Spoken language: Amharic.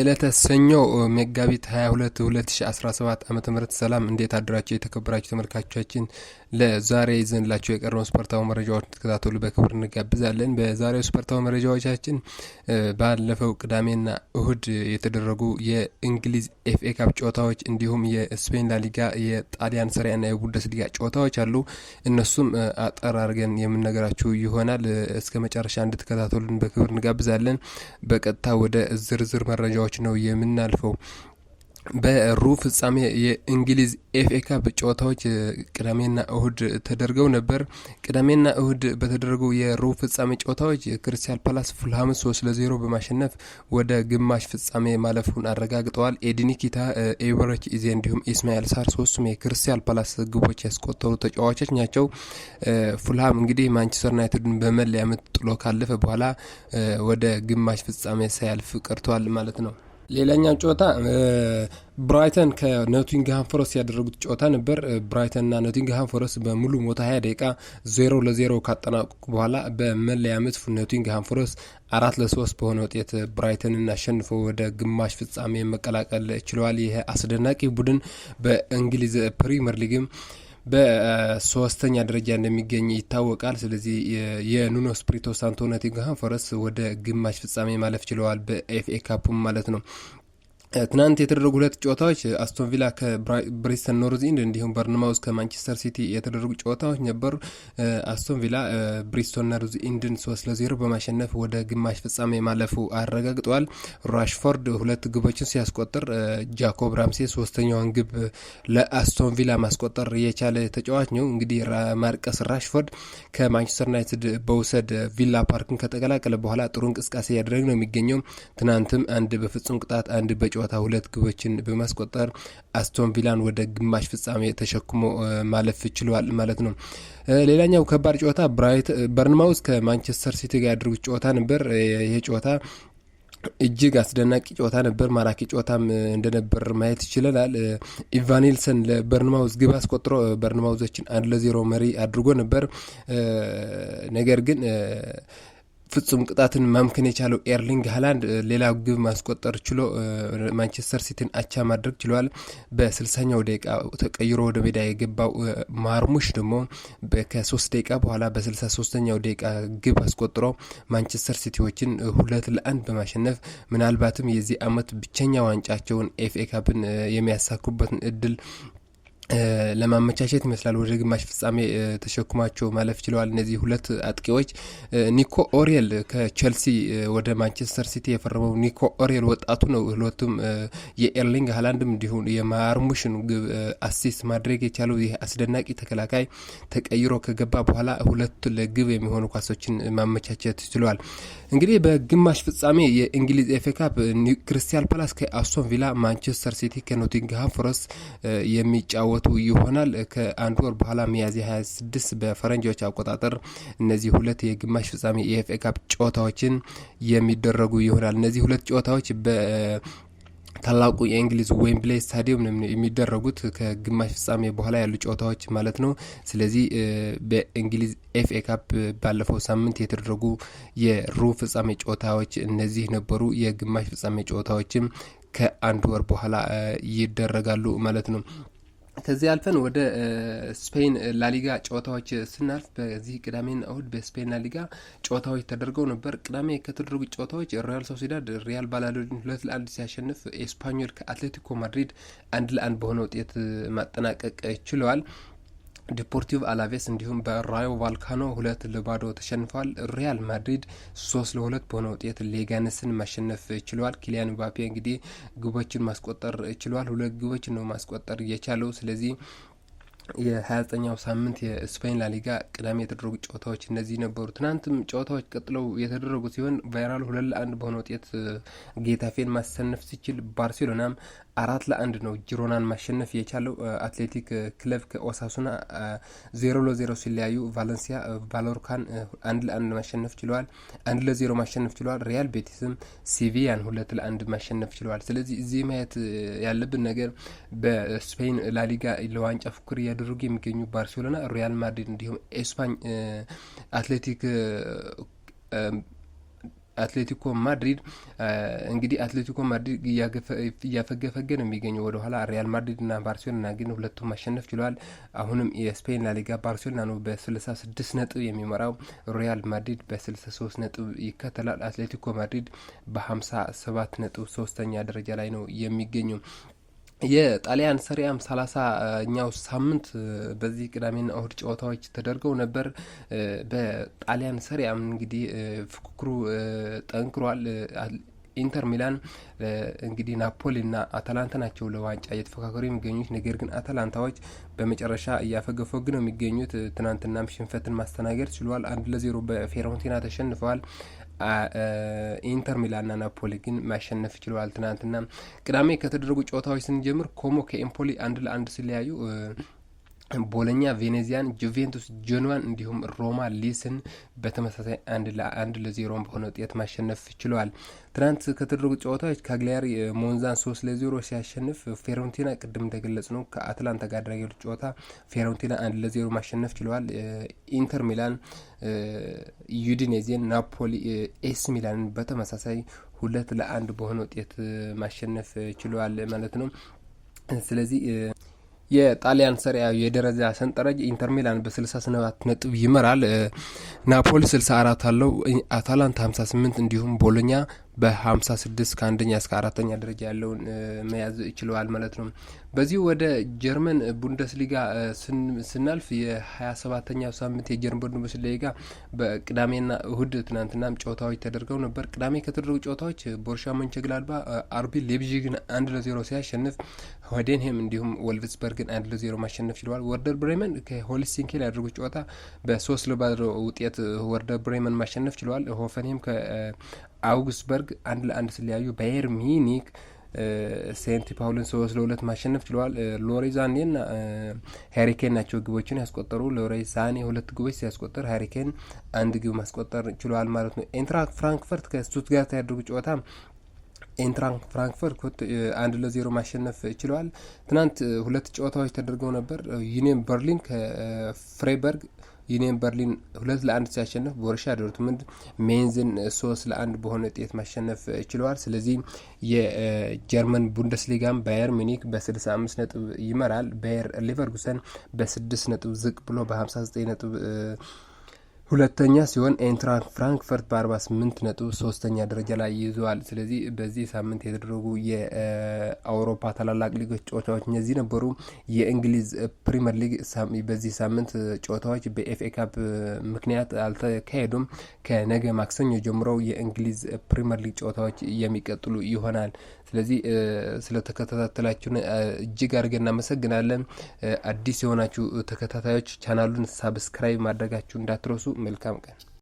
ዕለተ ሰኞ መጋቢት 22 2017 ዓ ም ሰላም እንዴት አድራቸው የተከበራችሁ ተመልካቾቻችን፣ ለዛሬ ይዘንላቸው የቀረውን ስፖርታዊ መረጃዎች እንድትከታተሉ በክብር እንጋብዛለን። በዛሬው ስፖርታዊ መረጃዎቻችን ባለፈው ቅዳሜና እሁድ የተደረጉ የእንግሊዝ ኤፍኤ ካፕ ጨዋታዎች እንዲሁም የስፔን ላሊጋ፣ የጣሊያን ሰሪያና የቡንደስ ሊጋ ጨዋታዎች አሉ። እነሱም አጠር አድርገን የምንነግራችሁ ይሆናል። እስከ መጨረሻ እንድትከታተሉን በክብር እንጋብዛለን። በቀጥታ ወደ ዝርዝር መረጃ ደረጃዎች ነው የምናልፈው። በሩብ ፍጻሜ የእንግሊዝ ኤፍኤ ካፕ ጨዋታዎች ቅዳሜና እሁድ ተደርገው ነበር። ቅዳሜና እሁድ በተደረጉ የሩብ ፍጻሜ ጨዋታዎች ክሪስታል ፓላስ ፉልሃም ሶስት ለዜሮ በማሸነፍ ወደ ግማሽ ፍጻሜ ማለፉን አረጋግጠዋል። ኤድኒኪታ፣ ኤቨረች ኢዜ እንዲሁም ኢስማኤል ሳር ሶስቱም የክሪስታል ፓላስ ግቦች ያስቆጠሩ ተጫዋቾች ናቸው። ፉልሃም እንግዲህ ማንቸስተር ዩናይትድን በመለያ ምት ጥሎ ካለፈ በኋላ ወደ ግማሽ ፍጻሜ ሳያልፍ ቀርቷል ማለት ነው። ሌላኛው ጨዋታ ብራይተን ከኖቲንግሃም ፎረስት ያደረጉት ጨዋታ ነበር። ብራይተን ና ኖቲንግሃም ፎረስት በሙሉ ሞታ 20 ደቂቃ ዜሮ ለዜሮ ካጠናቀቁ በኋላ በመለያ ምት ኖቲንግሃም ፎረስት አራት ለሶስት በሆነ ውጤት ብራይተንን አሸንፎ ወደ ግማሽ ፍጻሜ መቀላቀል ችለዋል። ይህ አስደናቂ ቡድን በእንግሊዝ ፕሪምየር ሊግም በሶስተኛ ደረጃ እንደሚገኝ ይታወቃል። ስለዚህ የኑኖ ስፕሪቶ ሳንቶ ኖቲንግሃም ፎረስት ወደ ግማሽ ፍጻሜ ማለፍ ችለዋል፣ በኤፍኤ ካፑም ማለት ነው። ትናንት የተደረጉ ሁለት ጨዋታዎች አስቶን ቪላ ከብሪስተን ኖርዚንድ እንዲሁም በርንማውስ ከማንቸስተር ሲቲ የተደረጉ ጨዋታዎች ነበሩ። አስቶን ቪላ ብሪስቶን ኖርዝ ሶስት ለዜሮ በማሸነፍ ወደ ግማሽ ፍጻሜ ማለፉ አረጋግጠዋል። ራሽፎርድ ሁለት ግቦችን ሲያስቆጥር ጃኮብ ራምሴ ሶስተኛውን ግብ ለአስቶን ቪላ ማስቆጠር የቻለ ተጫዋች ነው። እንግዲህ ማርቀስ ራሽፎርድ ከማንቸስተር ዩናይትድ በውሰድ ቪላ ፓርክን ከተቀላቀለ በኋላ ጥሩ እንቅስቃሴ ያደረግ ነው የሚገኘው። ትናንትም አንድ በፍጹም ቅጣት አንድ በጨዋ ጨዋታ ሁለት ግቦችን በማስቆጠር አስቶን ቪላን ወደ ግማሽ ፍጻሜ ተሸክሞ ማለፍ ችሏል ማለት ነው። ሌላኛው ከባድ ጨዋታ ብራይት በርንማውስ ከማንቸስተር ሲቲ ጋር ያደርጉት ጨዋታ ነበር። ይሄ ጨዋታ እጅግ አስደናቂ ጨዋታ ነበር። ማራኪ ጨዋታም እንደነበር ማየት ይችለናል። ኢቫኒልሰን ለበርንማውዝ ግብ አስቆጥሮ በርንማውዞችን አንድ ለዜሮ መሪ አድርጎ ነበር ነገር ግን ፍጹም ቅጣትን ማምከን የቻለው ኤርሊንግ ሃላንድ ሌላ ግብ ማስቆጠር ችሎ ማንቸስተር ሲቲን አቻ ማድረግ ችሏል። በስልሳኛው ደቂቃ ተቀይሮ ወደ ሜዳ የገባው ማርሙሽ ደግሞ ከሶስት ደቂቃ በኋላ በስልሳ ሶስተኛው ደቂቃ ግብ አስቆጥሮ ማንቸስተር ሲቲዎችን ሁለት ለአንድ በማሸነፍ ምናልባትም የዚህ አመት ብቸኛ ዋንጫቸውን ኤፍኤ ካፕን የሚያሳኩበትን እድል ለማመቻቸት ይመስላል ወደ ግማሽ ፍጻሜ ተሸኩማቸው ማለፍ ችለዋል። እነዚህ ሁለት አጥቂዎች ኒኮ ኦሪል ከቸልሲ ወደ ማንቸስተር ሲቲ የፈረመው ኒኮ ኦሪል ወጣቱ ነው። ሁለቱም የኤርሊንግ ሀላንድም እንዲሁም የማርሙሽን ግብ አሲስት ማድረግ የቻለው ይህ አስደናቂ ተከላካይ ተቀይሮ ከገባ በኋላ ሁለቱ ለግብ የሚሆኑ ኳሶችን ማመቻቸት ችለዋል። እንግዲህ በግማሽ ፍጻሜ የእንግሊዝ ኤፍ ካፕ ክሪስታል ፓላስ ከአስቶን ቪላ፣ ማንቸስተር ሲቲ ከኖቲንግሃም ፎረስት የሚጫወ የሚጫወቱ ይሆናል። ከአንድ ወር በኋላ ሚያዝያ 26 በፈረንጆች አቆጣጠር እነዚህ ሁለት የግማሽ ፍጻሜ የኤፍኤ ካፕ ጨዋታዎችን የሚደረጉ ይሆናል። እነዚህ ሁለት ጨዋታዎች በ ታላቁ የእንግሊዝ ዌምብሌይ ስታዲየም የሚደረጉት ከግማሽ ፍጻሜ በኋላ ያሉ ጨዋታዎች ማለት ነው። ስለዚህ በእንግሊዝ ኤፍኤ ካፕ ባለፈው ሳምንት የተደረጉ የሩብ ፍጻሜ ጨዋታዎች እነዚህ ነበሩ። የግማሽ ፍጻሜ ጨዋታዎችም ከአንድ ወር በኋላ ይደረጋሉ ማለት ነው። ከዚህ አልፈን ወደ ስፔን ላሊጋ ጨዋታዎች ስናልፍ በዚህ ቅዳሜና እሁድ በስፔን ላሊጋ ጨዋታዎች ተደርገው ነበር። ቅዳሜ ከተደረጉ ጨዋታዎች ሪያል ሶሲዳድ ሪያል ባላዶሊድን ሁለት ለአንድ ሲያሸንፍ ኤስፓኞል ከአትሌቲኮ ማድሪድ አንድ ለአንድ በሆነ ውጤት ማጠናቀቅ ችለዋል። ዲፖርቲቭ አላቬስ እንዲሁም በራዮ ቫልካኖ ሁለት ለባዶ ተሸንፏል። ሪያል ማድሪድ ሶስት ለሁለት በሆነ ውጤት ሌጋነስን ማሸነፍ ችሏል። ኪሊያን ምባፔ እንግዲህ ግቦችን ማስቆጠር ችሏል። ሁለት ግቦችን ነው ማስቆጠር የቻለው። ስለዚህ የ29ኛው ሳምንት የስፔን ላሊጋ ቅዳሜ የተደረጉ ጨዋታዎች እነዚህ ነበሩ። ትናንትም ጨዋታዎች ቀጥለው የተደረጉ ሲሆን ቫይራል ሁለት ለአንድ በሆነ ውጤት ጌታፌን ማሸነፍ ሲችል ባርሴሎናም አራት ለአንድ ነው ጅሮናን ማሸነፍ የቻለው። አትሌቲክ ክለብ ከኦሳሱና ዜሮ ለዜሮ ሲለያዩ ቫለንሲያ ቫሎርካን አንድ ለአንድ ማሸነፍ ችለዋል። አንድ ለዜሮ ማሸነፍ ችለዋል። ሪያል ቤቲስም ሲቪያን ሁለት ለአንድ ማሸነፍ ችለዋል። ስለዚህ እዚህ ማየት ያለብን ነገር በስፔን ላሊጋ ለዋንጫ ፉክክር እያደረጉ የሚገኙ ባርሴሎና፣ ሪያል ማድሪድ እንዲሁም ኤስፓኝ አትሌቲክ አትሌቲኮ ማድሪድ እንግዲህ አትሌቲኮ ማድሪድ እያፈገፈገ ነው የሚገኘው ወደ ኋላ። ሪያል ማድሪድ እና ባርሴሎና ግን ሁለቱም ማሸነፍ ችለዋል። አሁንም የስፔን ላሊጋ ባርሴሎና ነው በ66 ነጥብ የሚመራው። ሪያል ማድሪድ በ63 ነጥብ ይከተላል። አትሌቲኮ ማድሪድ በ ሰባት ነጥብ ሶስተኛ ደረጃ ላይ ነው የሚገኘው። የጣሊያን ሰሪያም ሰላሳኛው ሳምንት በዚህ ቅዳሜና እሁድ ጨዋታዎች ተደርገው ነበር። በጣሊያን ሰሪያም እንግዲህ ፉክክሩ ጠንክሯል። ኢንተር ሚላን እንግዲህ ናፖሊና አታላንታ ናቸው ለዋንጫ እየተፎካከሩ የሚገኙት። ነገር ግን አታላንታዎች በመጨረሻ እያፈገፈግ ነው የሚገኙት። ትናንትናም ሽንፈትን ማስተናገድ ችሏል። አንድ ለዜሮ በፌሮንቲና ተሸንፈዋል። ኢንተር ሚላንና ናፖሊ ግን ማሸነፍ ችለዋል። ትናንትና ቅዳሜ ከተደረጉ ጨዋታዎች ስንጀምር ኮሞ ከኤምፖሊ አንድ ለአንድ ሲለያዩ ቦሎኛ ቬኔዚያን፣ ጁቬንቱስ ጆንዋን እንዲሁም ሮማ ሊስን በተመሳሳይ አንድ ለአንድ ለዜሮ በሆነ ውጤት ማሸነፍ ችለዋል። ትናንት ከተደረጉ ጨዋታዎች ካግሊያሪ ሞንዛን ሶስት ለዜሮ ሲያሸንፍ፣ ፌሮንቲና ቅድም እንደገለጽ ነው ከአትላንታ ጋር ያደረገው ጨዋታ ፌሮንቲና አንድ ለዜሮ ማሸነፍ ችለዋል። ኢንተር ሚላን ዩዲኔዜን፣ ናፖሊ ኤስ ሚላንን በተመሳሳይ ሁለት ለአንድ በሆነ ውጤት ማሸነፍ ችለዋል ማለት ነው ስለዚህ የጣሊያን ሰሪያ የደረጃ ሰንጠረጅ ኢንተር ሚላን በ67 ነጥብ ይመራል። ናፖሊ 64 አለው። አታላንት 58 እንዲሁም ቦሎኛ በ56 ከአንደኛ እስከ አራተኛ ደረጃ ያለውን መያዝ ችለዋል ማለት ነው። በዚህ ወደ ጀርመን ቡንደስሊጋ ስናልፍ የ27ተኛው ሳምንት የጀርመን ቡንደስሊጋ በቅዳሜና እሁድ ትናንትናም ጨዋታዎች ተደርገው ነበር። ቅዳሜ ከተደረጉ ጨዋታዎች ቦርሻ መንቸግላልባ አርቢ ሌብዥግን አንድ ለዜሮ ሲያሸንፍ ሆዴንሄም እንዲሁም ወልቭስበርግን አንድ ለዜሮ ማሸነፍ ችለዋል። ወርደር ብሬመን ከሆልስቲንኬ ያደረጉት ጨዋታ በሶስት ለባዶ ውጤት ወርደር ብሬመን ማሸነፍ ችለዋል። ሆፈንሄም ከአውግስበርግ አንድ ለአንድ ስለያዩ ባየር ሚኒክ ሴንት ፓውልን ሶስት ለሁለት ማሸነፍ ችለዋል። ሎሬ ዛኔና ሃሪኬን ናቸው ግቦችን ያስቆጠሩ። ሎሬዛኔ ሁለት ግቦች ሲያስቆጠር ሃሪኬን አንድ ግብ ማስቆጠር ችለዋል ማለት ነው። ኤንትራክ ፍራንክፈርት ከስቱትጋርት ያደርጉ ጨዋታ ኤንትራክ ፍራንክፈርት አንድ ለዜሮ ማሸነፍ ችለዋል። ትናንት ሁለት ጨዋታዎች ተደርገው ነበር። ዩኒየን በርሊን ከፍሬበርግ ዩኒየን በርሊን ሁለት ለአንድ ሲያሸንፍ ቦሩሺያ ዶርትሙንድ ሜንዝን ሶስት ለአንድ በሆነ ውጤት ማሸነፍ ችለዋል። ስለዚህ የጀርመን ቡንደስሊጋም ባየር ሚኒክ በ65 ነጥብ ይመራል። ባየር ሊቨርጉሰን በ6 ነጥብ ዝቅ ብሎ በ59 ነጥብ ሁለተኛ ሲሆን ኤንትራክ ፍራንክፈርት በ48 ነጥብ ሶስተኛ ደረጃ ላይ ይዘዋል። ስለዚህ በዚህ ሳምንት የተደረጉ የአውሮፓ ታላላቅ ሊጎች ጨዋታዎች እነዚህ ነበሩ። የእንግሊዝ ፕሪምየር ሊግ በዚህ ሳምንት ጨዋታዎች በኤፍኤ ካፕ ምክንያት አልተካሄዱም። ከነገ ማክሰኞ ጀምሮ የእንግሊዝ ፕሪምየር ሊግ ጨዋታዎች የሚቀጥሉ ይሆናል። ስለዚህ ስለተከታተላችሁን እጅግ አድርገን እናመሰግናለን። አዲስ የሆናችሁ ተከታታዮች ቻናሉን ሳብስክራይብ ማድረጋችሁ እንዳትረሱ። me el